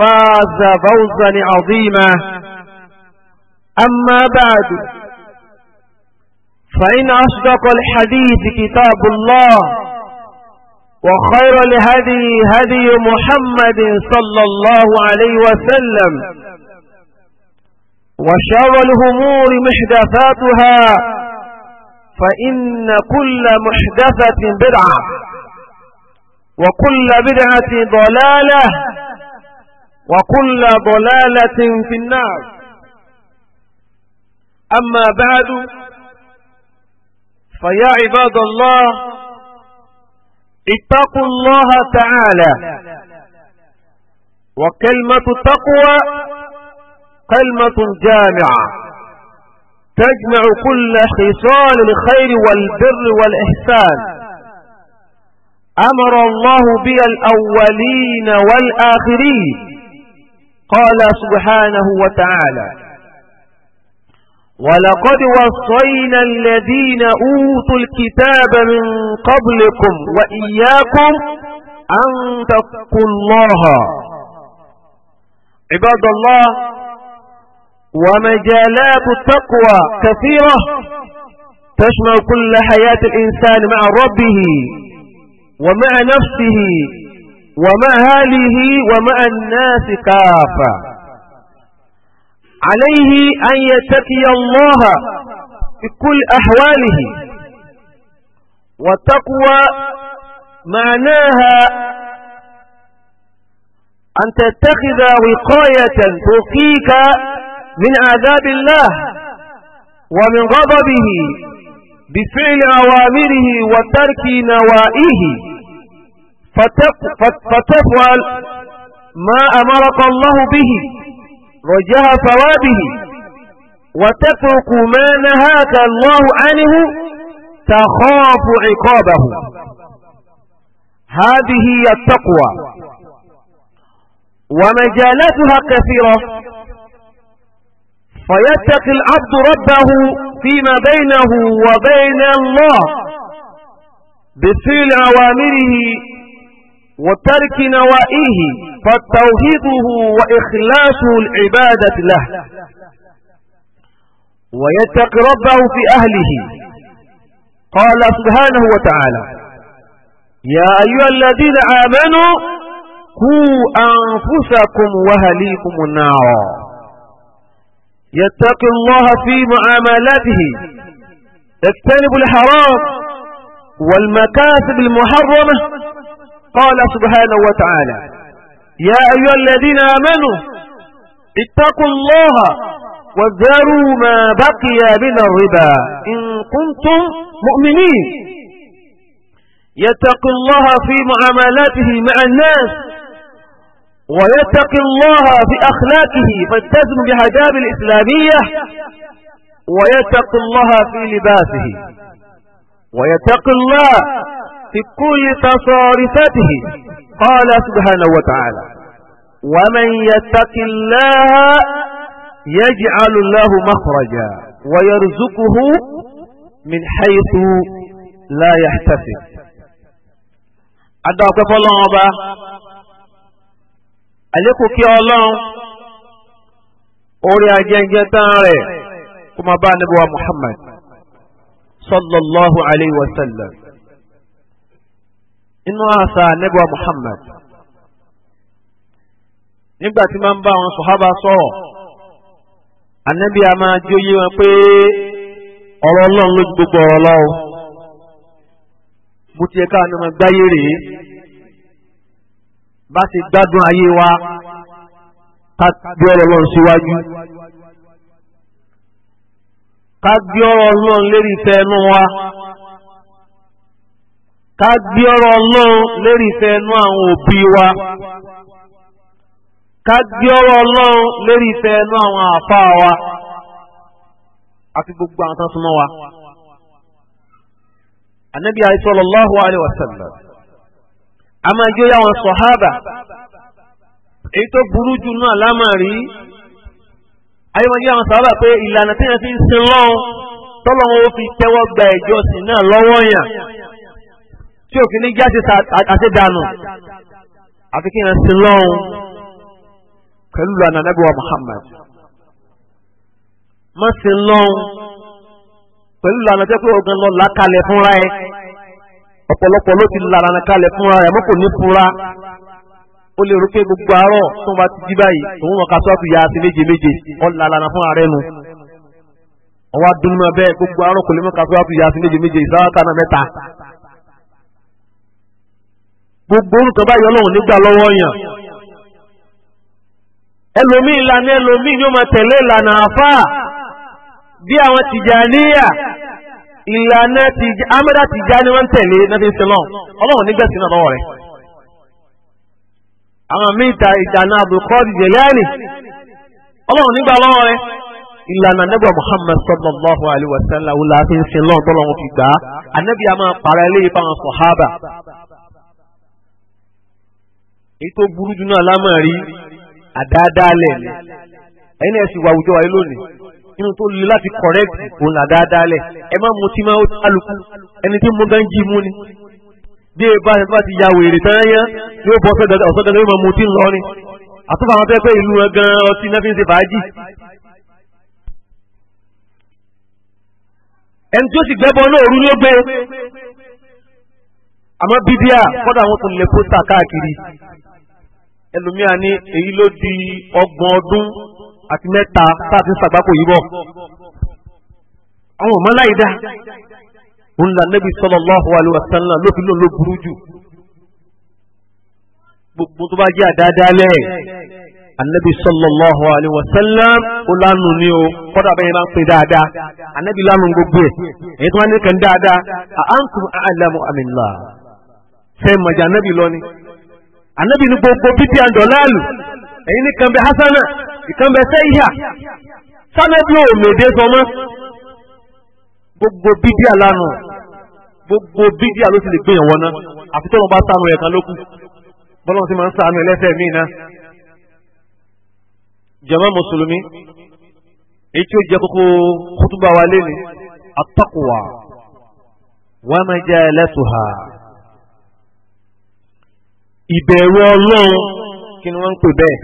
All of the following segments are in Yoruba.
فاز فوزا عظيما أما بعد فإن أصدق الحديث كتاب الله وخير لهدي هدي محمد صلى الله عليه وسلم وشر الهمور محدثاتها فإن كل محدثة بدعة وكل بدعة ضلالة وكل ضلالة في النار أما بعد فيا عباد الله اتقوا الله تعالى وكلمة التقوى كلمة جامعة تجمع كل خصال الخير والبر والإحسان أمر الله بها الأولين والآخرين قال سبحانه وتعالى ولقد وصينا الذين أوتوا الكتاب من قبلكم وإياكم أن تتقوا الله عباد الله ومجالات التقوى كثيرة تشمل كل حياة الإنسان مع ربه ومع نفسه ومع أهله ومع الناس كافة عليه أن يتقي الله في كل أحواله وتقوى معناها أن تتخذ وقاية تقيك من عذاب الله ومن غضبه بفعل أوامره وترك نوائه فتفعل ما أمرك الله به رجاء ثوابه وتترك ما نهاك الله عنه تخاف عقابه هذه هي التقوى ومجالاتها كثيرة فيتقي العبد ربه فيما بينه وبين الله بفعل أوامره وترك نوائه فتوحيده وإخلاص العبادة له ويتق ربه في أهله قال سبحانه وتعالى يا أيها الذين آمنوا قوا أنفسكم وهليكم النار يتقي الله في معاملاته اجتنبوا الحرام والمكاسب المحرمة قال سبحانه وتعالى يا أيها الذين آمنوا اتقوا الله وذروا ما بقي من الربا إن كنتم مؤمنين يتق الله في معاملاته مع الناس ويتق الله في أخلاقه فالتزم بهداب الإسلامية ويتق الله في لباسه ويتقي الله في كل تصارفاته قال سبحانه وتعالى ومن يتق الله يجعل الله مخرجا ويرزقه من حيث لا يحتسب adáwọ̀ pẹ́fọ́ lọ́wọ́ ọba àlékún kí ọlọ́run orí ajẹ́jẹ́ tán rẹ̀ محمد bá Muhammad sallallahu alayhi wa sallam inú àṣà nebo muhammad nígbà tí máa ń bá àwọn sòhábà sọ̀rọ̀ ànábì a máa jí oyé wọn pé ọ̀rọ̀ ọlọ́run lójú gbogbo ọ̀rọ̀ lọ́wọ́ bó ti yẹ káwọn ọmọ gbáyé rèé bá ti gbádùn ká gbé ọ̀rọ̀ ọlọ́run lérí ìfẹ́ ẹnu wa ká gbé ọ̀rọ̀ ọlọ́run lérí ìfẹ́ ẹnu àwọn wa ká gbé lérí ẹnu àwọn wa àti gbogbo àwọn tán súnmọ́ wa. A máa wọn sọ̀hábà. Èyí tó burú jù náà lámàrí ayọ́mọdé àwọn sábà pé ìlànà tí wọ́n fi ń sin lọ́wọ́ tọ́lọ́ wọn ó fi tẹ́wọ́ gba ìjọsìn náà lọ́wọ́ yàn tí òfin ní jáde àṣedànù àfi kí wọ́n sin lọ́wọ́ pẹ̀lú ìlànà nàbẹ̀wá Muhammad má sin lọ́wọ́ pẹ̀lú ìlànà tó pé ogun lọ làkàlẹ̀ fúnra ẹ ọ̀pọ̀lọpọ̀ ló ti lànà kalẹ̀ fúnra ẹ mọ́ ní fúnra ó lè rò pé gbogbo àárọ̀ tó bá ti jí báyìí tòun mọ̀ ká sọ́ọ̀tù ya ti méje méje ọ̀là lànà fún ààrẹ nu ọwọ́ adúmọ̀ bẹ́ẹ̀ gbogbo àárọ̀ kò lè mọ̀ ká sọ́ọ̀tù ya ti méje méje ìsáwáká náà mẹ́ta gbogbo orúkọ báyọ̀ lọ́wọ́ nígbà lọ́wọ́ yàn ẹlòmíì lànà ẹlòmíì yóò máa tẹ̀lé ìlànà àfà bí àwọn tìjàníyà ìlànà amẹ́dá tìjà ni wọ́n tẹ̀lé náà fi ń sin lọ́wọ́ ọlọ́wọ́ nígbà rẹ̀ àwọn míì ta ìdáná Abdulkadir Jilani ọlọ́run nígbà lọ́wọ́ rẹ ìlànà anábìà Muhammad sallallahu alayhi wa sallam wùlá fi ń sin lọ́n tọ́lọ́run fi gbà á anábìà máa para eléyìí fáwọn sọ̀hábà èyí tó burú jù náà lámàrí àdáadáalẹ̀ ni ẹ̀yin ẹ̀sìn wà àwùjọ wáyé lónìí inú tó le láti kọ̀rẹ́ẹ̀tì òun àdáadáalẹ̀ ẹ má mutí máa ó tálùkù ẹni tí mo gán jí mú ni bí ẹ bá ṣe bá ti ya wèrè tẹ́lẹ́yẹ́ yóò bọ́ ọ̀sọ́dọ̀dọ̀ yóò máa mutí lọ ni àtúfà àwọn tẹ́ pé ìlú wọn gan ọtí náà fi ń ṣe fàájì. ẹni tí ó sì gbẹ́bọ náà òru ló gbé àmọ́ bíbíà kọ́dà àwọn tó lè pósítà káàkiri ẹlòmíà ní èyí ló di ọgbọ̀n ọdún àti mẹ́ta tá a ti ń ṣàgbákò yìí bọ̀ àwọn ọmọ láyé dá ńlá nẹ́bí sallallahu alaihi wasallam ló fi lóun ló burú jù gbogbo tó bá jẹ́ àdáadáalẹ̀ anabi sallallahu alaihi wasallam ó lánàá ni o kọ́dà bẹ́ẹ̀ bá ń pè dáadáa anabi lánàá gbogbo ẹ̀ èyí tó wá ní kàn dáadáa à á ń tún àmìlá fẹ́ mọ̀jà anabi lọ anabi ni gbogbo bíbí àndọ̀láàlù èyí ní kàn bẹ hasana ìkàn bẹ sẹ́yà sanabi ò mèdè sọmọ gbogbo bíbí àlànà gbogbo bídíà ló sì lè gbéyàn wọn ná àfi tọ́lọ́ bá sànù ẹ̀ka lókù bọ́lọ́n ti máa ń sànù ẹlẹ́sẹ̀ míì ná. jàmá mùsùlùmí èyí tí ó jẹ́ kókó kútúbà wa lé ní at-taqwa wa majalatuha ìbẹ̀rù ọlọ́run kí ni wọ́n ń pè bẹ́ẹ̀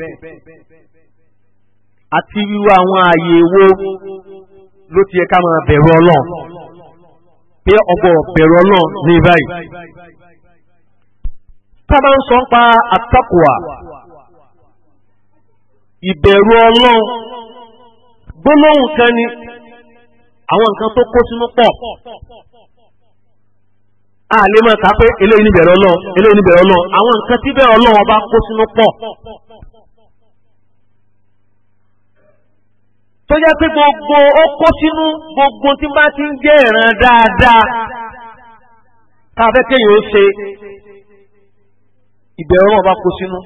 àti wíwá àwọn ààyè wo ló ti yẹ ká máa bẹ̀rù ọlọ́run. pé ọ̀pọ̀ bẹ̀rù ọlọ́run ní báyìí. tábà ń sọ pa àtàkùwà ìbẹ̀rù a lè máa pé eléyìí ọlọ́run eléyìí ọlọ́run àwọn nǹkan tí bẹ́ẹ̀ ọlọ́run kó sínú tó jẹ́ pé gbogbo ó kó sínú gbogbo tí bá ti ń jẹ́ ìran dáadáa tá a fẹ́ kéèyàn ó ṣe ìbẹ̀rù ọba kó sínú.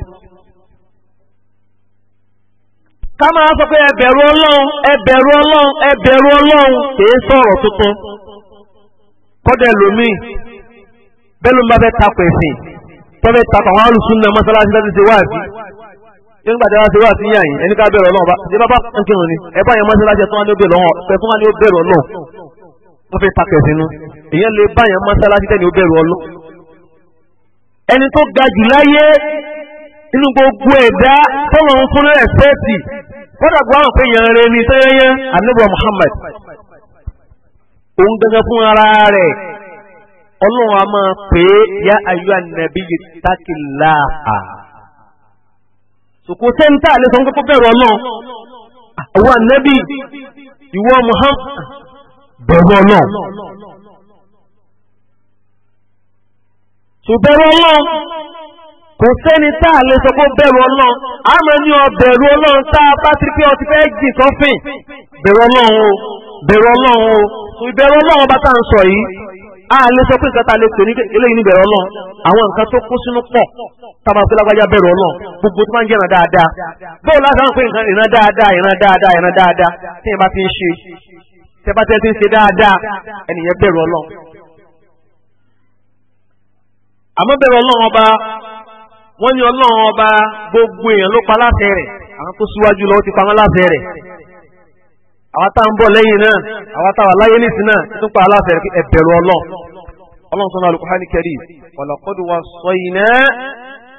ká máa sọ pé ẹbẹ̀rù ọlọ́run ẹbẹ̀rù ọlọ́run ẹbẹ̀rù ọlọ́run kìí sọ̀rọ̀ tuntun kọ́dẹ̀ lómi bẹ́ẹ̀ ló ń bá fẹ́ takò ẹ̀sìn tó fẹ́ takò àwọn alùsùn náà mọ́sálásí láti ṣe wáàbí nígbà tí wọ́n ti wá sí yàn yìí ẹni ká bẹ̀rẹ̀ ọlọ́run bá ṣe bá bá ń kírun ni ẹ bá yẹn mọ́ṣáláṣí ẹ̀ fún wa ní ó bẹ̀rẹ̀ ọlọ́run ẹ̀ fún wa ní ó bẹ̀rẹ̀ ọlọ́run wọ́n fi takẹ̀ sínú èyàn lè bá yẹn mọ́ṣáláṣí tẹ́ni ó bẹ̀rù ọlọ́ ẹni tó ga jù láyé inú gbogbo ẹ̀dá tọ́lọ̀ ń fún ẹ̀sẹ̀tì kọ́dà gbọ́ àwọn péyàn rẹ̀ ní sẹ́yẹ́yẹ́ anábọ̀ Muhammad òun gẹ́gẹ́ fún ara rẹ̀ ọlọ́run a máa pè é yá ayọ́ ànàbí yìí tákìláà sòkò sẹ́ńtà lè sọ kókó bẹ̀rù ọlọ́run àwọn ànábì ìwọ Muhammad bẹ̀rù ọlọ́run ṣùbẹ̀rù ọlọ́run kò sẹ́ni tá a lè sọ pé bẹ̀rù ọlọ́run a máa ní ọ bẹ̀rù ọlọ́run tá a bá ti pé ọ fẹ́ jì sọ́fìn bẹ̀rù ọlọ́run o bẹ̀rù ọlọ́run o ìbẹ̀rù ọlọ́run bá tá à ń sọ yìí a lè sọ pé nǹkan tá a lè pè ní eléyìí níbẹ̀rẹ̀ ọlọ́run àwọn nǹkan tó kó sínú pọ̀ tábà pé lágbájá bẹ̀rẹ̀ ọlọ́run gbogbo tó máa ń jẹ́ràn dáadáa bẹ́ẹ̀ láti pé nǹkan dáadáa dáadáa dáadáa tí bá ti ń ṣe bá ti ń ọba wọ́n ní ọba gbogbo èèyàn ló pa rẹ̀ àwọn tó àwọn tá à ń bọ̀ lẹ́yìn náà àwọn tá à wà láyé nísìn náà tó pa aláṣẹ ẹ̀bẹ̀rù ọlọ́ ọlọ́run sọ́nà alukóhání kẹrì walaqad waṣṣayna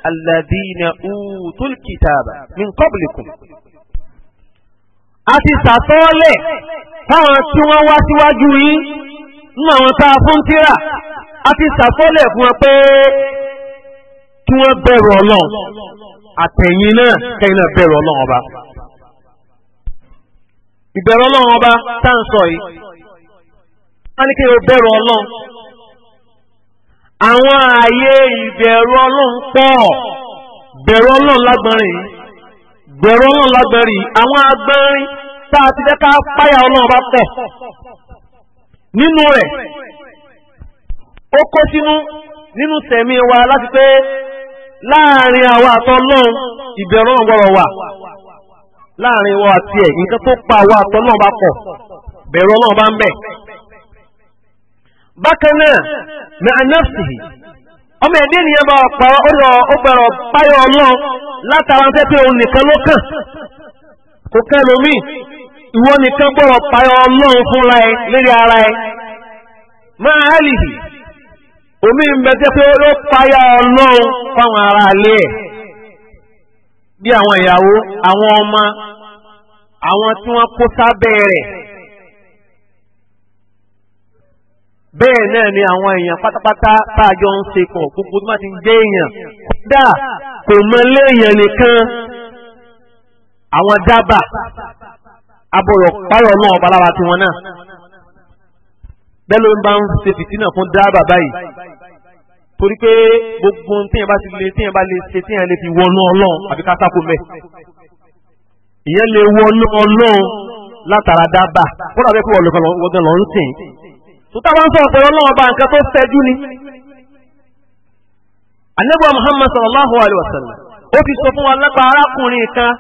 alladhīna ūtul kitāba min qablikum. a ti sàtọ́ọ́lẹ̀ fáwọn tí wọ́n wá síwájú yín nínú àwọn tá fún tíra a ti sàtọ́ọ́lẹ̀ fún wọn pé kí wọ́n bẹ̀rù ọlọ́run àtẹ̀yìn náà kẹ́yìn náà bẹ̀rù ọlọ́run ọba. ìbẹ̀rù ọlọ́run ọba tá à ń sọ wọ́n ní kí bẹ̀rù ọlọ́run àwọn ààyè ìbẹ̀rù ọlọ́run pọ̀ bẹ̀rù ọlọ́run lágbọ́nrin bẹ̀rù àwọn agbọ́nrin tá a ti jẹ́ ká páyà pọ̀ nínú rẹ̀ ó kó sínú nínú tẹ̀mí wa láti pé láàrin àwa àtọ́ ìbẹ̀rù ọlọ́run gbọ́dọ̀ láàrin wa àti ẹ̀ nǹkan tó pa àtọ́ náà bá pọ̀ bá ń bẹ̀. bákan náà ní ọmọ ẹ̀dẹ́ ènìyàn bá pa ọgbẹ̀rọ̀ látara tẹ́ pé òun nìkan ló kàn kò ìwọ omi ń bẹ ó bí àwọn ìyàwó àwọn ọmọ àwọn tí wọ́n kó sábẹ́ rẹ̀ bẹ́ẹ̀ náà ni àwọn èèyàn pátápátá táàjọ ń ṣe pọ̀ gbogbo tó máa ti jẹ́ èèyàn dá kò mọ léèyàn nìkan àwọn dábà abọ̀rọ̀ páyọ̀ náà ọba lára tiwọn náà bẹ́ẹ̀ ló ń bá ń ṣe fìtínà fún dábà báyìí torí pé gbogbo tíyẹn bá ti lè tíyẹn bá lè ṣe tíyẹn lè fi wọnú ọlọ́run àbí kásákò mẹ́ ìyẹn lè wọnú ọlọ́run látara dábà kódà bẹ́ẹ̀ kó wọ́n lọ́kàn wọ́gán lọ́n sìn tó tábà ń sọ̀rọ̀ pẹ̀lú ọlọ́run ọba nǹkan tó ṣẹ́jú ni. anábọ̀ Muhammad sallallahu alayhi wa sallam ó ti sọ fún wa lápá arákùnrin kan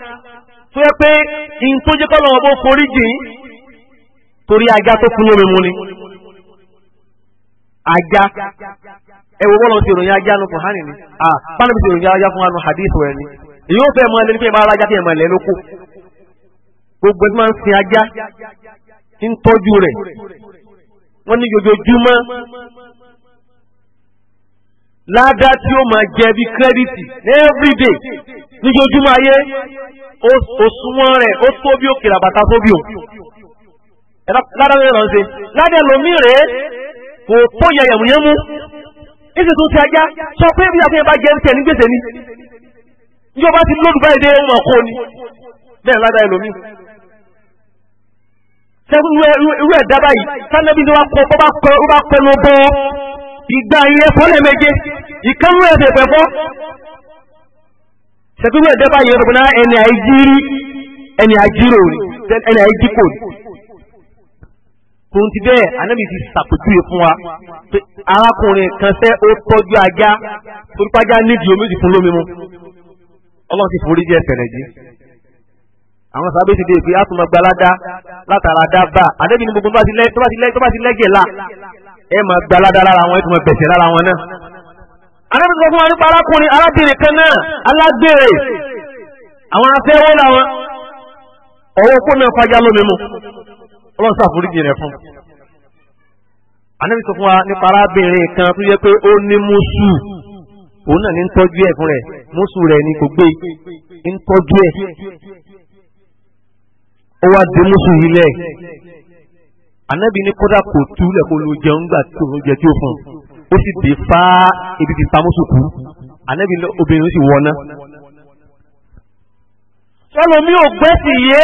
tó yẹ pé ìyìn tó jẹ́ kọ́lọ́wọ́ bó forí jìn torí ajá tó fún lómi mu ni ajá ẹ wo bọ́lọ̀ ti ìròyìn ajá nu kùhánì ni à báwo ti ìròyìn ajá fún wa hadith rẹ ni èyí mọ ẹni pé ìmọ̀lára ajá kí ẹ̀mọ̀ ẹ̀lẹ́ lóko gbogbo ẹni máa ń sin ajá ń tọ́jú rẹ̀ wọ́n ní jojoojúmọ́ tí ó máa jẹ bí kírẹ́dìtì everyday ayé òṣùwọ̀n ó tó bí tó bí o ló ń ṣe kò tó yẹ ìsì tún ti ajá sọ pé bí àfihàn bá jẹ ń tẹ̀ ní gbèsè ni ìjọba ti lóòdù báyìí dé ohun ọ̀kọ́ ni bẹ́ẹ̀ ládàá ẹlòmíì sẹ́gun irú ẹ̀dá báyìí sanabi ni wọ́n kọ́ ọ bá kọ́ ọ bá pẹ́ ló bọ́ ìgbà yẹn fọ́lẹ̀ méje ìkánú ẹ̀fẹ̀ pẹ̀fọ́ sẹ́gun irú ẹ̀dá báyìí ẹni àìjírí ẹni àìjírò ẹni àìjíkò ni tòun ti bẹ́ẹ̀ anábì ti ṣàpèjúwe fún wa pé arákùnrin kan fẹ́ ó tọ́jú ajá torípa ajá nídìí omi ti fún lómi mu ọlọ́run ti forí jẹ́ ẹ̀sẹ̀ nàìjí. àwọn sábẹ́ ti dé pé a tún máa gba aládá látara dábà anábì ní gbogbo tó bá ti lẹ́gẹ̀ la ẹ máa gba aládá lára wọn ẹ tún máa bẹ̀sẹ̀ lára wọn náà. anábì sọ fún wa nípa arákùnrin arábìnrin kan náà alágbèrè àwọn afẹ́wọ́ làwọn ọwọ́ kó náà fajá lómi mu ọlọ́run ṣàforíjì rẹ̀ fún. ànábì sọ fún wa nípa arábìnrin kan tó yẹ pé ó ní mùsù òun náà ní ń tọ́jú ẹ̀ fún rẹ̀ mùsù rẹ̀ ni kò gbé ń tọ́jú ẹ̀ ó wá dé mùsù yìí lẹ̀ ànábì ní kódà kò túlẹ̀ kó lo jẹun gbà tó ń jẹ tí ó fún ó sì dé fá ibi ti pa mùsù kú ànábì obìnrin sì wọ náà. sọlọ mi ò gbẹ́sì yé.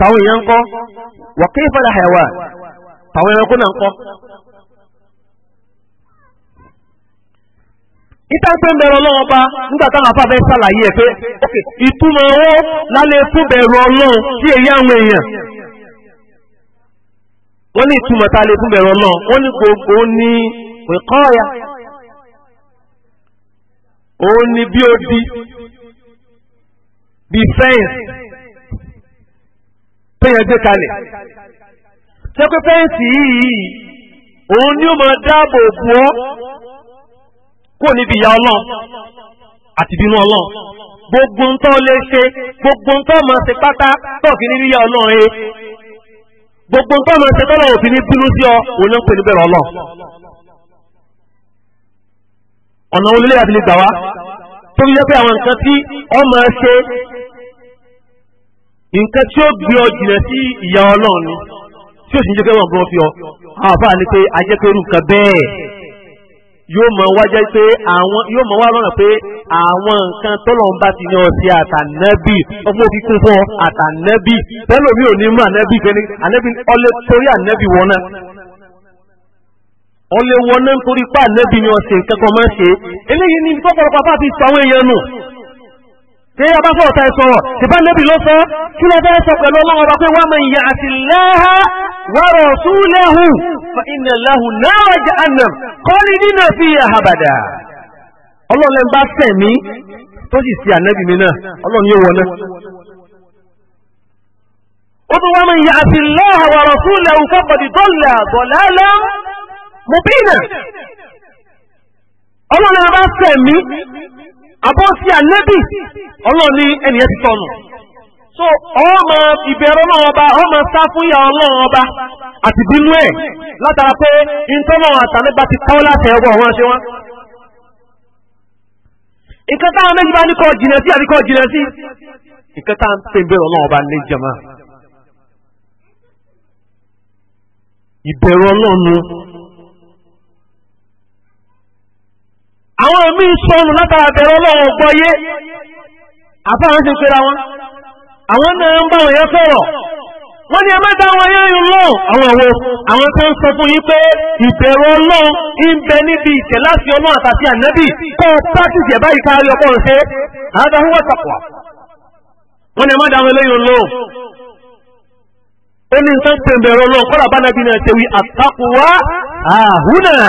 táwọn èèyàn ń kọ́ wà kí ìfọdà àyàwó táwọn ẹranko náà ń kọ́. ìta ń pè ń bẹ̀rù ọlọ́run pa nígbà táwọn afá fẹ́ ṣàlàyé ẹ̀ pé ìtumọ̀ owó lálẹ́ fún bẹ̀rù ọlọ́run èyí àwọn èèyàn wọ́n ní ìtumọ̀ tá a lè fún bẹ̀rù ọlọ́run ní ni bí ó di bí téèyàn gbé kalẹ̀ ṣé pé fẹ́ǹsì yìí òun ni ó máa dáàbò bò ọ́ kó níbi ìyá ọlọ́run àti ìbínú ọlọ́run gbogbo ń tọ́ lè ṣe gbogbo ń tọ́ máa ṣe pátá tọ́ọ̀kì ní ìyá ọlọ́run ẹ gbogbo ń tọ́ máa ṣe tọ́lọ̀ òfin ní bínú sí ọ òun ló ń pè ní bẹ̀rẹ̀ ọlọ́run ọ̀nà olólè àti lè gbà wá tó fi pé àwọn nǹkan tí ọ máa ṣe nǹkan tí ó gbé ọ jìnà sí ìyá ọlọ́run ni tí ó sì ń jẹ́ kí wọ́n bọ́ fi ọ àwọn àbá ni pé ajẹ́pẹ̀rù nǹkan bẹ́ẹ̀ yóò mọ wájẹ́ pé àwọn yóò mọ wá lọ́nà pé àwọn nǹkan tọ́lọ̀ ń bá ti ní ọtí àtànẹ́bì ọmọ òfin kún fún ọ àtànẹ́bì bẹ́ẹ̀ lómi ò ní mú ànẹ́bì kẹ́ni ànẹ́bì ọlẹ́ torí ànẹ́bì wọn náà ọlẹ́ wọn náà torí pé ànẹ́bì ni ọ̀sẹ̀ nǹkan kan máa ń ṣe eléyìí ni tọ́pọ̀lọpọ̀ tí a bá sọ ọ̀tá ìsọ̀rọ̀ tí bá nẹ́bì ló sọ kí lẹ́bẹ́ sọ pẹ̀lú ọlọ́run ọba pé wọ́n mọ̀ ìyá àti wọ́rọ̀ fa iná láhù náà jẹ́ ànàm kọ́ ní nínà fi àhàbàdà ọlọ́run lẹ́n bá mí tó sì sí mi náà ọlọ́run yóò wọná ó tún wọ́n mọ̀ ìyá àti wọ́rọ̀ fọ́pọ̀dì àbọ̀ sí ànẹ́bì ọlọ́run ní ti so ọmọ ìbẹ̀rù náà ọba ọmọ sá fún ìyá ọlọ́run ọba àti bínú ẹ̀ látara pé ìtọ́nà ti káwọ́ láti ọwụwa àwọn ṣe wọ́n nǹkan táwọn méjì bá ní kọ́ jìnà sí àbíkọ́ jìnà sí àwọn míì sọnù látara bẹ̀rẹ̀ ọlọ́run gbọ́yé àfáwọn ti pera wọn àwọn náà ń bá wọn yẹn sọ̀rọ̀ wọ́n ni ẹgbẹ́ dá wọn yẹn lọ àwọn òwe àwọn tó ń sọ fún yín pé ìbẹ̀rù ọlọ́run ń bẹ níbi ìtẹ̀ láti àtàtì kọ́ kárí ọkọ̀ ṣe àádọ́ fún wọ́tàpọ̀ wọ́n dá wọn lọ ó ní kọ́lá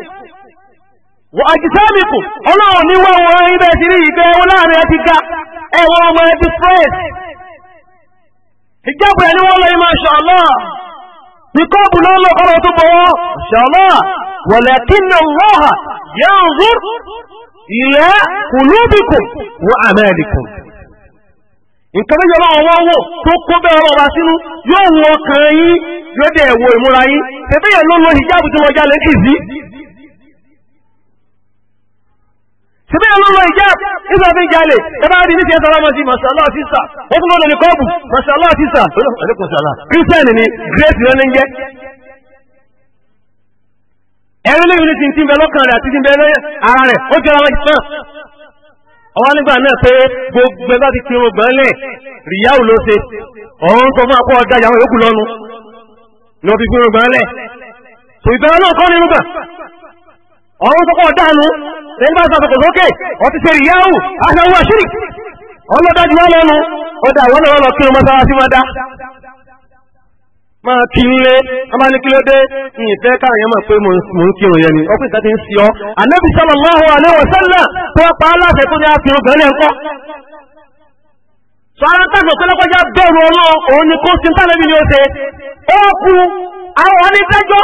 wọ́n àjísáàmìkù ọlọ́run ní wọ́n wọ́n ibẹ̀ sí rí ìgbẹ́ ẹwọ́ láàrin ẹ ti ga ẹwọ́n ọmọ ẹ ti stress ìjẹ́bù ẹni wọ́n lọ ìmọ̀ ṣọ̀lọ́ ìkọ́bù lọ́lọ́ ọ̀rọ̀ tó bọ̀ wọ́n ṣọ̀lọ́ walakinna Allah nǹkan tó yọrọ ọwọ́ wò tó kó bẹ́ẹ̀ wa sínú yóò wọ ọkàn yín yóò dẹ̀ wọ ìmúra yín ló tí wọ́n síbí ẹ̀ lọ́wọ́ ìjà ìsà fi ń jalè ẹ bá rí níṣẹ́ sọ́lá mọ́sí mashallah sísà ó tún lọ́dọ̀ ní kọ́ọ̀bù mashallah sísà ẹ̀lẹ́kùn sàlá christian ni grace ló ní jẹ́ ẹ̀rí lóyún ní tìǹtì bẹ lọ́kàn rẹ̀ àti tìǹtì bẹ lọ́yẹ ara rẹ̀ ó jọra wọn ìtàn ọwọ́ nígbà náà pé gbogbo ẹgbẹ́ ti fi ogbọ̀n lẹ̀ ríyáwó ló ṣe ọ̀hún sọ fún akọ́ ọ̀dà ìyàwó yòókù lọ́nu ní wọ́n fi fi ogbọ̀n lẹ̀ tò ìbẹ̀rẹ̀ náà kọ́ ní rúgbà ọ̀hún sọ fún ọ̀dà nù lẹ́yìn bá sọ̀tọ̀ lókè ọtí ṣe rí yáwù aṣáwó àṣírí ọlọ́dájú wà lẹ́nu ọdá àwọn ọlọ́lọ́ kí ló mọ́sálásí máa dá máa kí nlé ọmọ ní kí ló dé ní ìfẹ́ káàyàn mọ̀ pé mò ń kírun yẹn ni ọkùnrin kan ti ń sí ọ ànábì sallallahu alaihi wasallam tó pa á láṣẹ tó ní àfihàn bẹ̀rẹ̀ ńkọ́ sọ ara tàbí òkú lọ́kọ́já bẹ̀rù ọlọ́ òun ni kó sin tálẹ́bí ni ó ṣe ó kú àwọn onídẹ́jọ́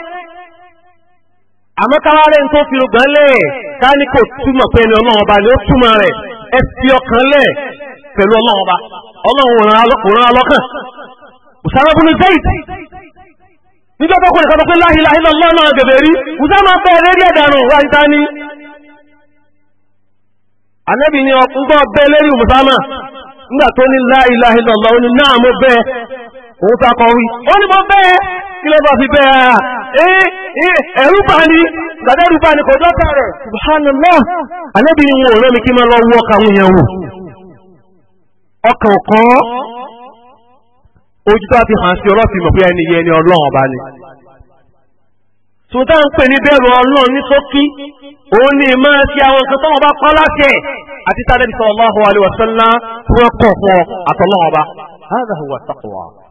àmọ́ nke ń tó fi rògbọ́n lẹ̀ ká ní kò túmọ̀ pé ẹni ọlọ́run ọba ni ó túmọ̀ rẹ̀ ẹ fi ọkàn lẹ̀ pẹ̀lú ọlọ́run ọba ọlọ́run òran alọ́kàn Usama bunu Zaid níjọ́ tó kọ̀ọ̀kan tó pé la ilaha náà gẹ̀gẹ̀ rí wáyé ni. ni ọkùnrin bẹ́ẹ̀ lérí Usama nígbà tó ní la ilaha mo òun ta kọ wí ó ní mo bẹ́ẹ̀ kí ló bá fi bẹ́ẹ̀ ẹ̀ ẹ̀rú bá ní gbàdé ẹ̀rú bá ní kò dọ́ta rẹ̀ subhanallah alẹ́bí ń wo ọ̀rẹ́ mi kí máa lọ wọ ọkà àwọn èèyàn wò ọkàn kan ojú tó a fi hàn sí ọlọ́sìn mọ̀ pé ẹni yẹ ẹni ọlọ́run ọba ni tòótá ń pè ní bẹ́ẹ̀rù ọlọ́run ní sókí òun ni máa ṣe àwọn nǹkan tọ́wọ́n bá pa láṣẹ àti tàbí sallallahu alaihi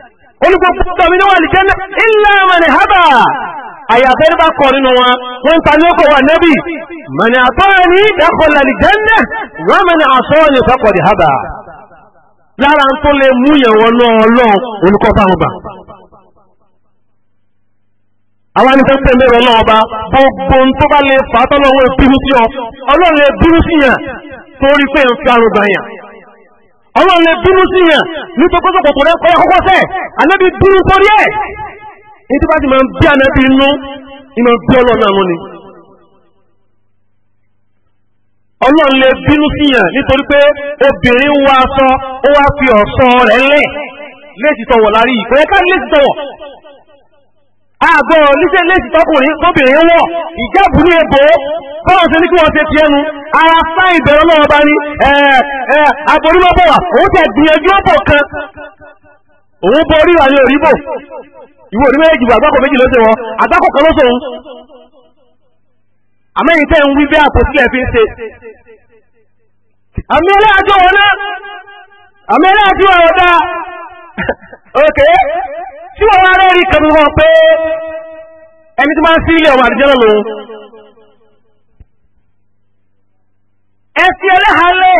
olùgbogbo mi níwà àlìjẹ́nà ilẹ̀ mẹ́ni hábà àyàfẹ́ bá kọ nínú wọn wọ́n ta ní ọkọ̀ wà nẹ́bì mẹ́ni àtọ́ ẹni dákọ̀lá àlìjẹ́nà wọ́n mẹ́ni àtọ́ ẹni fẹ́kọ̀dì hábà lára tó lè mú yẹn wọn àwọn ẹni tó tẹ̀lé lọ́wọ́ bá gbogbo tó bá ọlọ́run lè bínú sí yàn nítorí pọ́sọ̀pọ̀ kò rẹ̀ kọ́yà kọ́kọ́ sẹ́ ànábì bínú sórí ẹ̀ ní tí bá ti máa ń bí ànábì inú ìmọ̀ bí ọlọ́run náà ni ọlọ́run lè bínú sí yàn nítorí pé obìnrin wa sọ ó wá fi ọ̀sọ́ rẹ̀ lẹ̀ léèsì tọwọ̀ lárí yìí kọ́yẹ́ káàrí léèsì tọwọ̀ àgọ́ níṣẹ́ léèsì tọkùnrin tóbìnrin wọ̀ ìjáàbù báwọn ṣe ní kí wọ́n ṣe ti ẹnu ara fá ìbẹ̀rẹ̀ náà bá ní àbòrímọ́bọ̀ wà òun tẹ̀ gbìyànjú ọ̀bọ̀ kan òun borí wà ní òríbò ìwò orí méjì bò àgbákò méjì lọ́sẹ̀ wọn àgbákò kan lọ́sẹ̀ òun àmẹ́yìn tẹ́ ń wí bẹ́ àpòsílẹ̀ fi ń ṣe àmì ẹlẹ́ àjọ wọn náà àmì ẹlẹ́ àjọ wọn dáa òkè tí wọ́n wá rẹ́rìí kan mú wọn pé ẹni tó máa ń sí ilé ọmọ àdìjẹ́ lọ́lọ́run ẹsí ẹlẹ́hàálẹ̀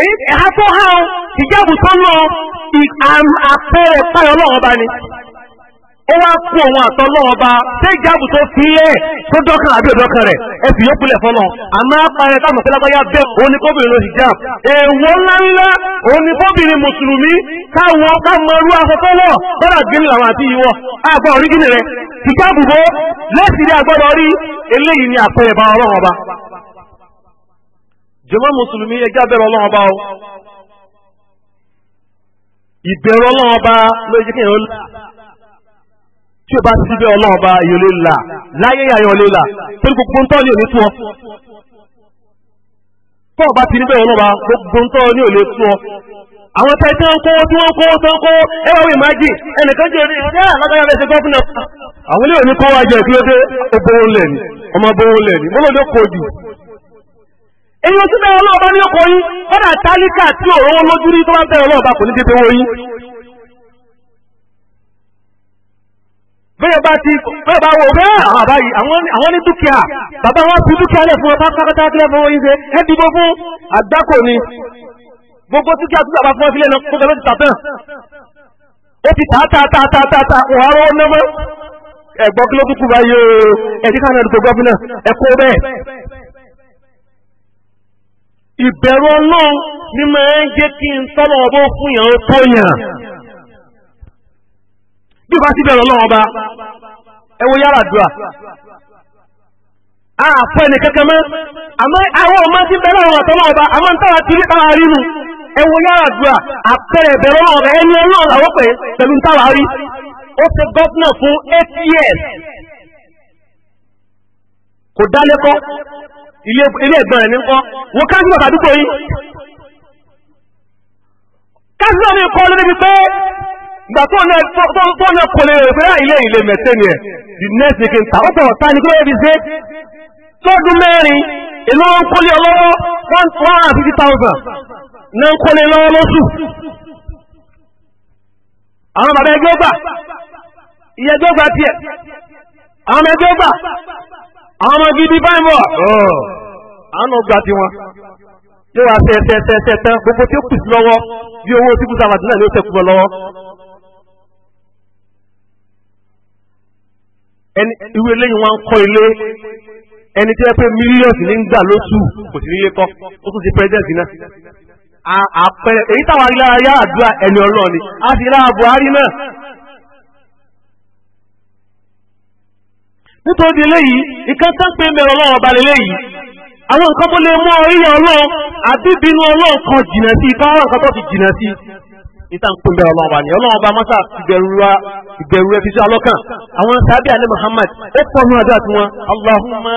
èyí ẹ̀há tó há ọ ìjáàbù tó lọ àpẹẹrẹ páyọ lọ́wọ́ bá ni ó wá kú òun àtọ́ lọ́wọ́ bá ṣé ìjáàbù tó fi ẹ̀ tó dọ́kàn àbí òdọ́kàn rẹ̀ ẹ fi yókù lẹ̀ àmọ́ apáyẹ káàmù pé lágbáyà bẹ́ẹ̀ òun ni kóbìnrin ló ti jáàb èèwọ̀ ńláńlá òun ni kóbìnrin mùsùlùmí káwọn kámọrú afọ́fọ́lọ́ bọ́dà gíní làwọn àti ìwọ àgbà orí gíní rẹ̀ ìjáàbù bó lẹ́sìn ní agbọ́dọ̀ rí eléyìí ni àpẹẹrẹ bá ọlọ́wọ́ jàmá mùsùlùmí ẹjẹ́ abẹ́rẹ́ ọlọ́run ọba o ìbẹ̀rù ọlọ́run ọba ló yẹ kí èèyàn là tí o bá ti bẹ́ ọlọ́run ọba èèyàn lè là láyé yàyàn lè là torí gbogbo ń tọ́ ní òní fún ọ tó o bá ti níbẹ̀ ọlọ́run ọba gbogbo ń tọ́ ní òní fún ọ àwọn tẹ́ tí wọ́n kó tí wọ́n kó tí wọ́n kó ẹ wá wí májì ẹnìkan jẹ́ orí ẹ̀rẹ́ alágbára rẹ̀ ṣe gọ́fúnà àwọn ilé òní kọ́ wájú ẹ̀ kí ló dé ó bó ń lẹ̀ ní ọmọ bó ń lẹ̀ ní mọ́lọ́dọ́ kò jù èyí tí bẹ́ẹ̀ ọlọ́ọ̀bá ní ọkọ̀ yín kọ́dà tálíkà tí òun lójú rí tó bá bẹ́ẹ̀ ọlọ́ọ̀bá kò ní dédé owó yín. bẹ́ẹ̀ bá ti bẹ́ẹ̀ bá wò bẹ́ẹ̀ àwọn àbá yìí àwọn ní dúkìá bàbá wọn fi dúkìá lẹ̀ fún ọ pátákátá kílẹ̀ fún oyin ṣe ẹ dìbò fún àgbákò ni gbogbo dúkìá tó bàbá fún ọ sílẹ̀ náà kó bẹ́ẹ̀ ti tà tán ó ti tà tà tà tà tà tà wọ́n arọ́ ọ́ náà ẹ̀gbọ́n kí bẹ́ẹ̀ ìbẹ̀rù ọlọ́run ní máa ń jẹ́ kí n tọ́lọ̀ ọbọ̀ fún yàn ó tó yàn bí bá sí bẹ̀rù ọlọ́run ọba ẹ yàrá dùà àfọ ẹnì àwọn ọmọ tí bẹ̀rù ọlọ́run ọba àmọ́ ń rí nu ọba ẹni ọlọ́run àwọn pẹ̀ pẹ̀lú rí ó fún eight years kò ilé ẹ̀gbọ́n rẹ̀ ní kọ́ wọ́n ká sí bàbá dúpọ̀ yìí ká sí bàbá kọ́ lórí pé ìgbà tó ọ̀nà kò lè rẹ̀ fẹ́ràn ah, ilé ilé mẹ̀tẹ́ ni ẹ̀ the next week ta ó pọ̀ ta ni kí ló rí ṣe tọ́dún mẹ́rin èlò ń kólé ọlọ́wọ́ one hundred and fifty thousand ní ń kólé lọ́wọ́ lóṣù àwọn bàbá ẹgbẹ́ ọgbà ìyẹn ẹgbẹ́ ọgbà tiẹ̀ àwọn ẹgbẹ́ ọgbà àwọn ọmọ gidi báyìí bọ̀ àánú gba tiwọn yóò wá tẹ tẹ tẹ tẹ tẹ gbogbo tí ó kù sí lọ́wọ́ bí owó tí kùsà àbàdìlà ni ó tẹ kù bọ lọ́wọ́. ẹni ìwé lẹ́yìn wọn kọ́ ilé ẹni tí wọ́n pé mílíọ̀nù ní ń gbà lóṣù kò sí nílé kọ́ ó tún ti pẹ́rẹ́dẹ̀ntì náà àpẹẹrẹ èyí táwọn alára yá àdúrà ẹni ọlọ́ọ̀ni a sì ra Buhari náà nítorí eléyìí nǹkan tá pé mẹ́rọ ọlọ́run ọba lélẹ́yìí àwọn nǹkan tó lè mú orí ọlọ́run àbí bínú kan jìnà sí ká ọ̀rọ̀ tó fi jìnà sí níta ń pè ọba ni ọlọ́run ọba mọ́sá ìbẹ̀rù sí ọlọ́kàn àwọn alẹ́ Muhammad ó pọ̀ tiwọn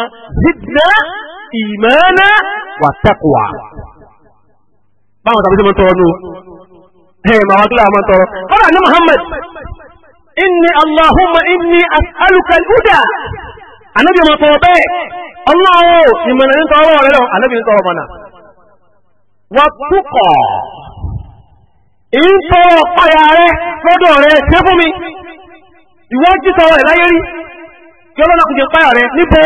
zidna báwọn tàbí inni allahumma inni as'aluka al-huda anabi ma tọrọ bẹ́ẹ̀ ọlọ́wọ́ ìmọ̀nà ní tọrọ rẹ̀ lọ anabi ní tọrọ mọ̀nà wà púpọ̀ ìyí tọrọ ọ̀yà rẹ̀ lọ́dọ̀ rẹ̀ ṣe fún mi ìwọ́n jí tọrọ ẹ̀ láyé rí kí ọlọ́nà kò jẹ páyà rẹ̀ níbo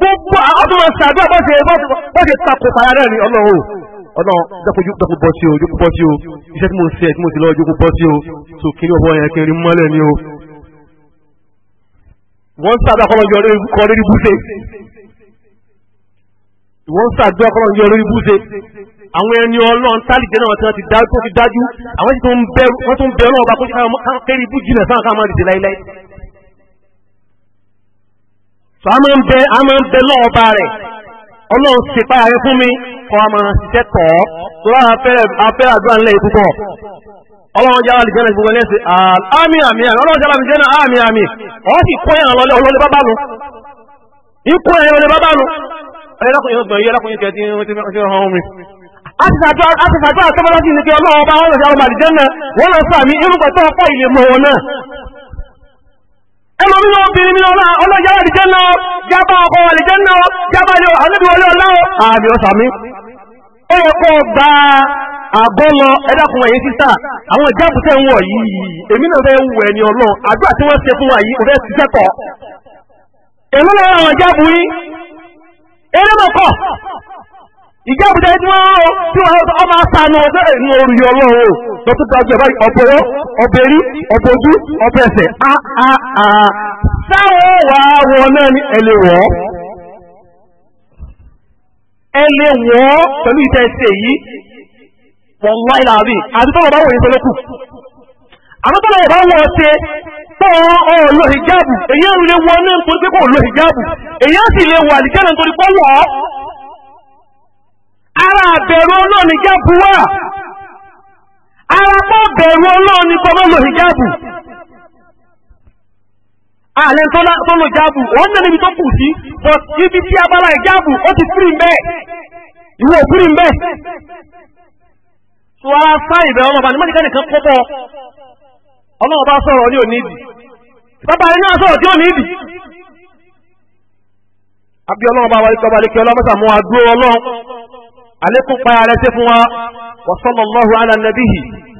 gbogbo àwọn ọdún ọ̀sẹ̀ àdúrà bọ́sẹ̀ bọ́sẹ̀ takò pàyà rẹ̀ ní ọlọ́wọ́ ọ̀nà dọ́kun bọ́ sí o jókòó bọ́ sí o iṣẹ́ tí mo ń ṣe ẹ̀ tí mo ti lọ́ọ́ jókòó bọ́ sí o tó kíní ọ̀bọ yẹn kí n rí mọ́lẹ̀ ni o. wọ́n sàdúrà kọ́ lọ́jọ́ kọ́ lórí búṣe wọ́n sàdúrà kọ́ lọ́jọ́ lórí búṣe àwọn ẹni ọlọ́run tálìjẹ́ náà tí wọ́n ti dájú tó fi dájú àwọn tó ń bẹ̀rù wọ́n tó ń bẹ̀rù ọba kó kéré ibú jìnà sáà káà máa dìde láíláí. sọ a máa ń bẹ a máa ń bẹ lọ́ọ̀ba rẹ̀ ọlọ́run ti páyà rẹ fún mi kọ́ a ṣiṣẹ́ tọ̀ ọ́ tó bá afẹ́ àdúrà ńlẹ̀ yìí ọlọ́run jára lè jẹ́ náà gbogbo àmì àmì àmì ọlọ́run jára lè jẹ́ àmì àmì ọ̀ sì kọ́ yàrá ọlọ́lẹ́ ikú ẹlẹ́kùnrin ọgbọ̀n yìí ẹlẹ́kùnrin ẹmọ mímọ obìnrin mímọ náà ọlọ́jà àlìjẹ́ náà jábá ọkọ̀ àlìjẹ́ náà jábá yóò àlejò wọlé ọláwọ̀ àmì ọ̀sàmí ó yẹ kó gba àgọ́ lọ ẹ̀dàkùn ẹ̀yìn sísá àwọn ìjáàbù tẹ̀ ń wọ̀ yìí èmi náà fẹ́ wù ẹni ọlọ́run àdúrà tí wọ́n ṣe fún wa yìí òfẹ́ ṣiṣẹ́ kọ̀ èmi náà àwọn ìjáàbù yìí eré mọ̀kọ̀ ìjẹ́ òbúdá ẹni wọ́n ó tí wọ́n ó ọmọ asanu ọjọ́ ẹ̀nu orí ọlọ́wọ́ tó tó dájú ẹ̀bá ọ̀bọ̀wọ́ ọ̀bẹ̀rí ọ̀bọ̀jú ọ̀bẹ̀ẹ̀sẹ̀ áá sáwọn wà wọ náà ní ẹlẹ́ wọ́ ẹlẹ́ wọ́ pẹ̀lú ìtẹ́ ẹsẹ̀ yìí wọ́n wá ilà àbí àti tọ́lọ̀ bá wọ̀ yẹn sọlọ́kù àmọ́ tọ́lọ̀ bá wọ̀ ṣe tọ́ ọ lọ hijabu èyí ń lè wọ náà nítorí pé kò lọ hijabu èyí á sì lè wọ àlìjẹ́ náà nítorí pé wọ̀ ọ́ ara àbẹ̀rù ọlọ́ọ̀ni jábù wà ara pọ̀ bẹ̀rù ọlọ́ọ̀ni kọmọ́ lò hijabu ààlẹ́ tó lò jábù wọ́n náà níbi tó kù sí but ibi tí abala ìjábù ó ti fúrì mbẹ́ ìwọ fúrì mbẹ́ tó ara sá ìbẹ̀rù ọmọ bàní mọ́nìkan nìkan pọ́pọ́ ọlọ́wọ́ bá sọ̀rọ̀ ní òní ìdì bàbá rẹ̀ náà sọ̀rọ̀ tí ò ní ìdì àbí ọlọ́wọ́ bá wà ní kọ́balẹ̀ kí ọlọ́mọ́sà mú adúró ọlọ́run عليكم قايا على وصلى الله على النبي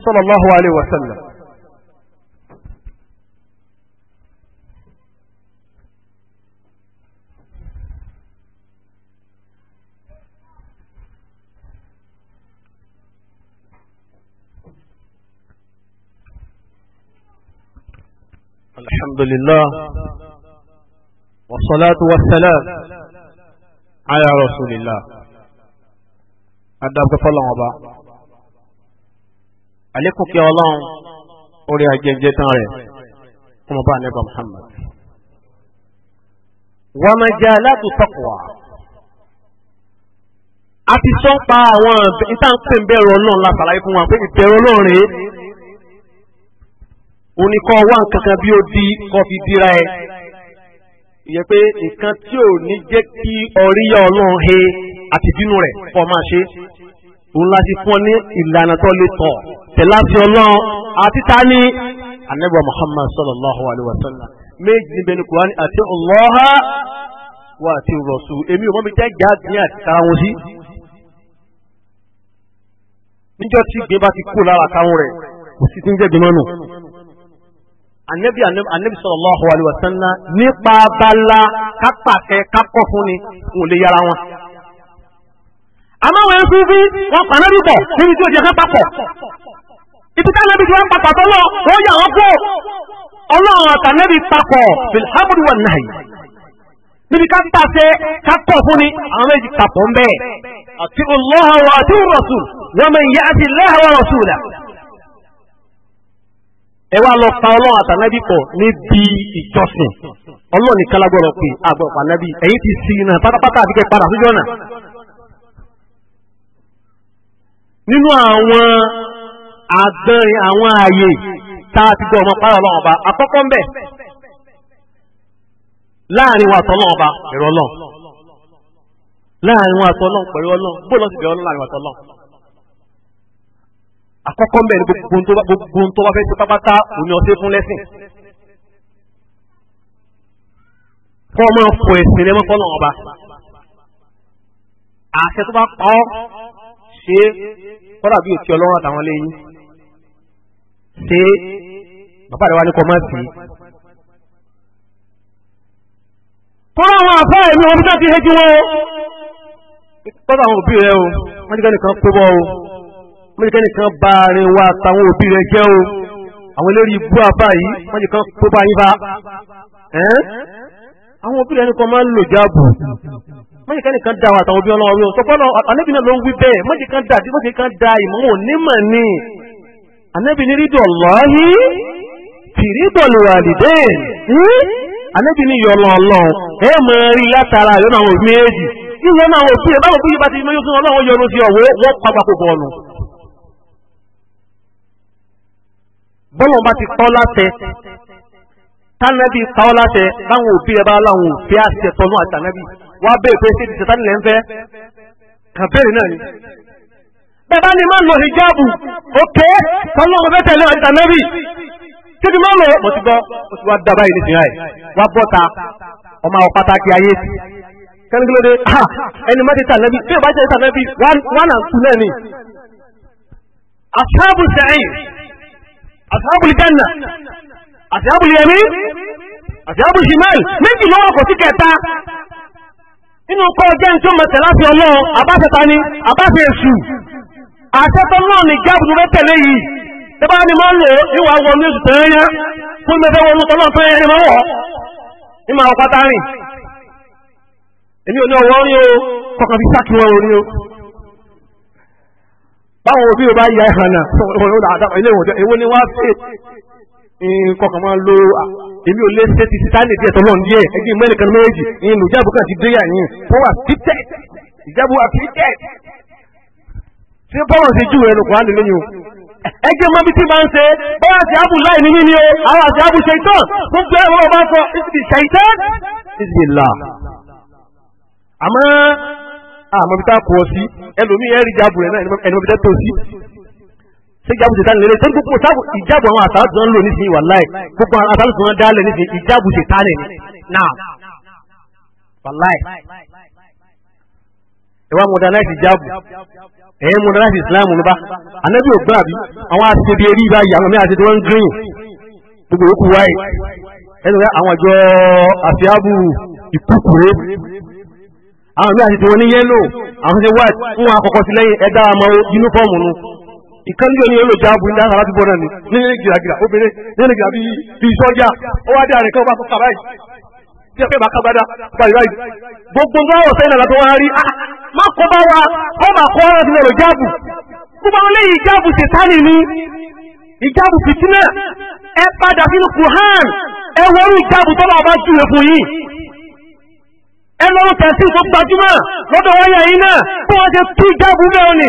صلى الله عليه وسلم الحمد لله والصلاة والسلام على رسول الله adáwọ̀ fọlọ́wọ́n ọba àlékún kí ọlọ́run orí ajẹ́njẹ tán rẹ̀ fún ọba àníbà Muhammad. wọ́n máa jẹ́ aládùútọ́kùwà a ti sọ pa àwọn ìtànpé ń bẹ̀rù ọlọ́run látàlàyé fún wa pé ìbẹ̀rù ọlọ́run rèé oníkọ́ wá nǹkankan bí di kọ́ dira ẹ̀ ìyẹn pé nǹkan tí ò ní jẹ́ kí ọríyá ọlọ́run he àti bínú rẹ̀ kọ́ máa ṣe òun láti fún ọ ní ìlànà tó lè tọ̀ tẹ̀láṣẹ ọlọ́run àti ta ní anabi muhammad sallallahu alayhi wa sallam méjì níbẹ̀ ní kùránì àti ọlọ́ha wà àti rọ̀ṣù èmi ò mọ̀ mi jẹ́ jáde àti tara sí. níjọ́ tí gbé bá ti kú lára káwọn rẹ̀ kò sí ti ń jẹ́ gbẹ́mọ́ anabi anabi sallallahu alayhi wa sallam nípa abala kápàkẹ́ kákọ́ fún ni òun lè yára wọn. àmáwọn ẹ̀sùn fi wọn pàná bíbọ̀ níbi tí ó jẹ́ fẹ́ papọ̀ ibi tá tí wọ́n papọ̀ tó lọ yà wọ́n kó ọlọ́run àtànẹ́bi papọ̀ bilhamudu wà náà yìí níbi ká pàṣẹ ká pọ̀ fún ni àwọn méjì papọ̀ ń bẹ́ẹ̀ àti Allah wa àti rasul wa man ya'ti Allah wa rasula ẹ wá lọ pa ọlọ́run pọ̀ níbi ìjọsìn ọlọ́run nínú àwọn àdánrin àwọn ààyè tá a ti gbọ́ ọmọ pàrọ̀ ọlọ́run ọba àkọ́kọ́ ń bẹ̀ láàrin wa àtọ́ ọlọ́run ọba ẹ̀rọ ọlọ́run láàrin wa àtọ́ ọlọ́run pẹ̀lú ọlọ́run bó lọ sí ìbẹ̀rẹ̀ ọlọ́run láàrin wa àtọ́ ọlọ́run àkọ́kọ́ ń bẹ̀ ní gbogbo ohun tó bá fẹ́ ṣe pápátá òní ọtí fún lẹ́sìn fọ́ ọmọ ọkọ̀ ẹ̀sìn lẹ́mọ́kọ́ ọlọ́run ọba àṣẹ tó bá pa ọ́ ṣe kọ́dà bí òtí ọlọ́run àtàwọn lẹ́yìn ṣe bàbá rẹ̀ wá ní kọ́mọ́ sí. tọ́lá àwọn àfá ẹ̀mí wọn bíjá ti hẹ́jú wọn o tọ́lá àwọn òbí rẹ o wọ́n ti pé bọ́ o wọ́n ti kẹ́nìkan bá rin wa àtàwọn òbí rẹ jẹ́ o àwọn eléré ibú àfá yìí wọ́n pé bá yín fa àwọn òbí rẹ ní máa ń lò jáàbù mọ́jì kan nìkan da àwọn àtàwọn obìnrin ọlọ́run o tọ́pọ́ náà ànábì náà ló ń wí bẹ́ẹ̀ mọ́jì kan da mọ́jì kan da ìmọ̀ onímọ̀ ni ànábì ní rídọ̀ lọ́hí tìrídọ̀ lòrà dìde hmm? ànábì ní yọ̀ọ̀lọ̀ ọlọ́run ẹ mọ̀ rí látara yọ̀ọ̀nà àwọn òbí méjì yíyọ náà àwọn òbí báwo bí ti mọ́ yóò tún ọlọ́run yọ̀ọ̀nù sí ọ̀wọ́ wọ́n tánàbí pawọ́ láṣẹ báwọn òbí ẹ bá láwọn òfin àṣẹ tọ́nú àtànàbí wàá bẹ́ẹ̀ pé ṣé ìṣẹ̀tàn ilẹ̀ ń fẹ́ kàn bẹ́ẹ̀ náà ni. bàbá ni máa ń o hijabu òkè tọ́nú ọmọ bẹ́ẹ̀ tẹ̀lé àtànàbí kíbi máa ń lo mo ti gbọ́ mo ti wá dábàá yìí nísìnyá yìí wá bọ́ ta ọmọ àwọn pàtàkì ayé ti kẹ́nìkìlódé ẹni má ti tànàbí bí ìbá jẹ́ tànàbí wọ́n à ń kú náà ni. ashabu sa'id ashabu janna Asị abúlé-ẹmí àti abúlé-ṣìmẹ́l méjì ló wà kò sí kẹta nínú kọ́ jẹ́ ní tí ó mẹ̀tẹ̀ láti ọlọ́run àbáṣẹta ni àbáṣẹ èṣù àṣẹtọ́ náà ní ni tó fẹ́ tẹ̀lé yìí tó bá ní máa ń lò níwà ni ní oṣù tó ń yẹn fún mi fẹ́ o o ya ilé ìwọ̀n èwo ni wọ́n á nǹkan máa lo èmi ò lé ṣe ti sítánì díẹ̀ tọ́lọ́ díẹ̀ ẹgbẹ́ ìmọ̀ ẹnìkan méjì ìlú ìjábù kan ti déyà yín fún wa fitẹ́ ìjábù wa fitẹ́ tí bọ́ọ̀lù ti jù ẹnu kò á lè lóyún ẹgbẹ́ mọ́ bí tí máa ń ṣe bọ́ọ̀lù àti àbù láì ní yín ni o àwọn àti àbù ṣe ìtàn fún pé ẹ̀rọ ọba sọ ìsìkì ṣàìtẹ́ ìsìkì là àmọ́ àmọ́ bí tá a kọ̀ sí ẹlòmíì ẹ̀rí ìjábù ṣé ìjábù ṣètánì lélẹ̀ tó ń gbogbo ìjábù àwọn àtàlùsùn náà ń lò nísìnyí wàláì gbogbo àtàlùsùn náà dálẹ̀ nísìnyí ìjábù ṣètánì ni náà wàláì ẹwà modernize ìjábù ẹ̀yẹ modernize islam ní bá anábì ògbà bí àwọn aṣèbí erí bá yà àwọn mẹ́ta ti wọ́n ń green gbogbo yòókù wáyé ẹnu rẹ àwọn àjọ àfiábù ìkúkúrú àwọn mẹ́ta ti wọ́n ní yẹ́lò àwọn ti wá fún àkọ́kọ́ sí lẹ́yìn ẹ̀dá àmọ́ yúnífọ́ọ̀mù nu ìkànnì yóò ní yóò lò já bu ilé ara bíbọ náà ni nílé gíragíra obìnrin nílé gíra bíi bíi sọjà ó wá dé àrẹ kan bá kọkà báyìí tí a fẹ́ bá kábàdà báyìí báyìí gbogbo ń bá wọ̀ sẹ́yìn làlá tó wá rí ah, má kó bá wa ó má kó ara ti lọ lò jáàbù gbogbo àwọn eléyìí ìjáàbù ṣètánì ni ìjáàbù fìtínà ẹ padà sínú Qur'an ẹ wọlé ìjáàbù tó bá bá jùlọ fún yìí ẹ lọ́rùn tẹ̀sí ìfọ̀gbàjúmọ̀ lọ́dọ̀ wáyà yìí náà bó wọ́n ṣe tú ìjáàbù náà ni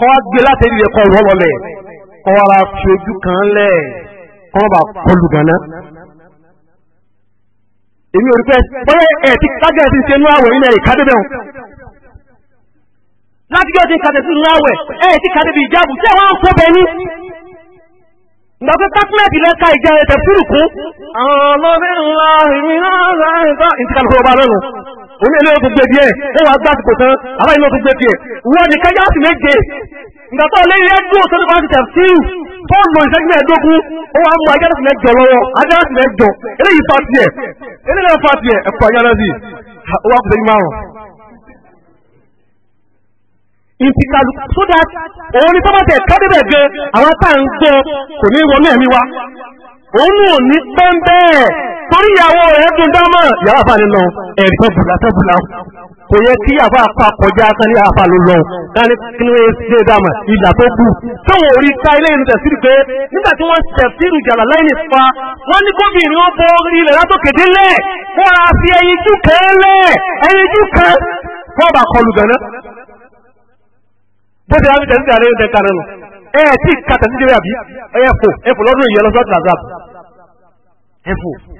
kọ́ gbé láti ẹ̀rí kọ́ wọ́ lọ́lẹ̀ kọ́ fi ojú kan lẹ̀ kọ́ bá kọlù gánà. èmi ò rí pé bóyá ẹ̀ ti kájọ́ ẹ̀ ṣe inú àwẹ̀ ilẹ̀ ìkádébẹ̀ wọn. láti yóò ti kàdé sí inú àwẹ̀ ẹ̀ ti kàdé bí ìjáàbù tí àwọn àǹkó Ìgbà pé kákúlẹ̀tì ìjà ẹ̀tẹ̀ fúrùkú. Àwọn ń òun ilé yóò tún gbé díẹ̀ ó wàá gbà àsìkò tán àwọn ilé yóò tún gbé díẹ̀ wọ́n ní kájá sì méje ìgbà tó lé ilé dúró tó ní bá ti tẹ̀ sí fóònù ìṣẹ́jú mẹ́ẹ̀ẹ́dógún ó wàá mú ajá sì mẹ́jọ lọ́wọ́ ajá sì mẹ́jọ eléyìí fa tiẹ̀ eléyìí fa tiẹ̀ ẹ̀kọ́ ajá náà ó wàá kùtẹ́ márùn. ìtìkàlù so that òun ni tọ́mọ̀tẹ̀ kádébẹ̀ gan àwọn táà ń gbọ́ kò ní wọnú ẹ̀mí wa torí ìyàwó rẹ̀ dùn dámọ̀ yàrá àfà nínú ẹ̀rí tọ́bùlà tọ́bùlà kò yẹ kí àfà apá kọjá kan ní àfà ló lọ dání kí ni ṣe dámọ̀ ìlà tó bù káwọn orí ta ilé ìrìn tẹ̀sí pé nígbà tí wọ́n tẹ̀ sí ìrùjàlá láìní fa wọ́n ní kóbì ni wọ́n bọ ilẹ̀ látòkè délẹ̀ fọ́ra fi ẹyin jù kan ẹyin jù kan fọ́ọ̀bà kọlù gànà bó ti rámi tẹ̀sí àlẹ́ ìrìn tẹ̀sí ẹ̀ tí kàtàkì jẹ́rẹ́ àbí ẹ̀fọ́ ẹ̀fọ́ lọ́dún ìyẹn lọ́sọ́ọ̀tì làzàb ẹ̀fọ́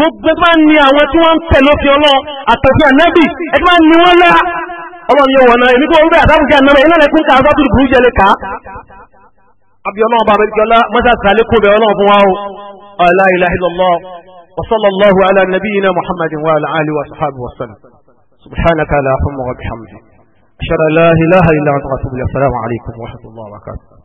gbogbo bá ní àwọn tí wọ́n ń tẹ̀ lófi ọlọ́ àtọ̀fí ànábì ẹ̀tí máa ní wọ́n lá ọlọ́run yóò wọ̀nà èmi tó wọ́n bẹ̀rẹ̀ àdábùkẹ́ ànábì ẹ̀yìn lẹ́kùn ká sọ́tù ìbúrú jẹ ká àbí ọlọ́run bá bẹ̀rẹ̀ jọlá mọ́sá sàlẹ̀ kó bẹ̀rẹ̀ ọlọ́run fún wa o la ilaha illallah wa sallallahu ala nabiyyina wa ala alihi wa sahbihi wa sallam subhanaka allahumma wa bihamdika ashhadu an ilaha illa anta astaghfiruka wa atubu alaykum wa rahmatullahi wa barakatuh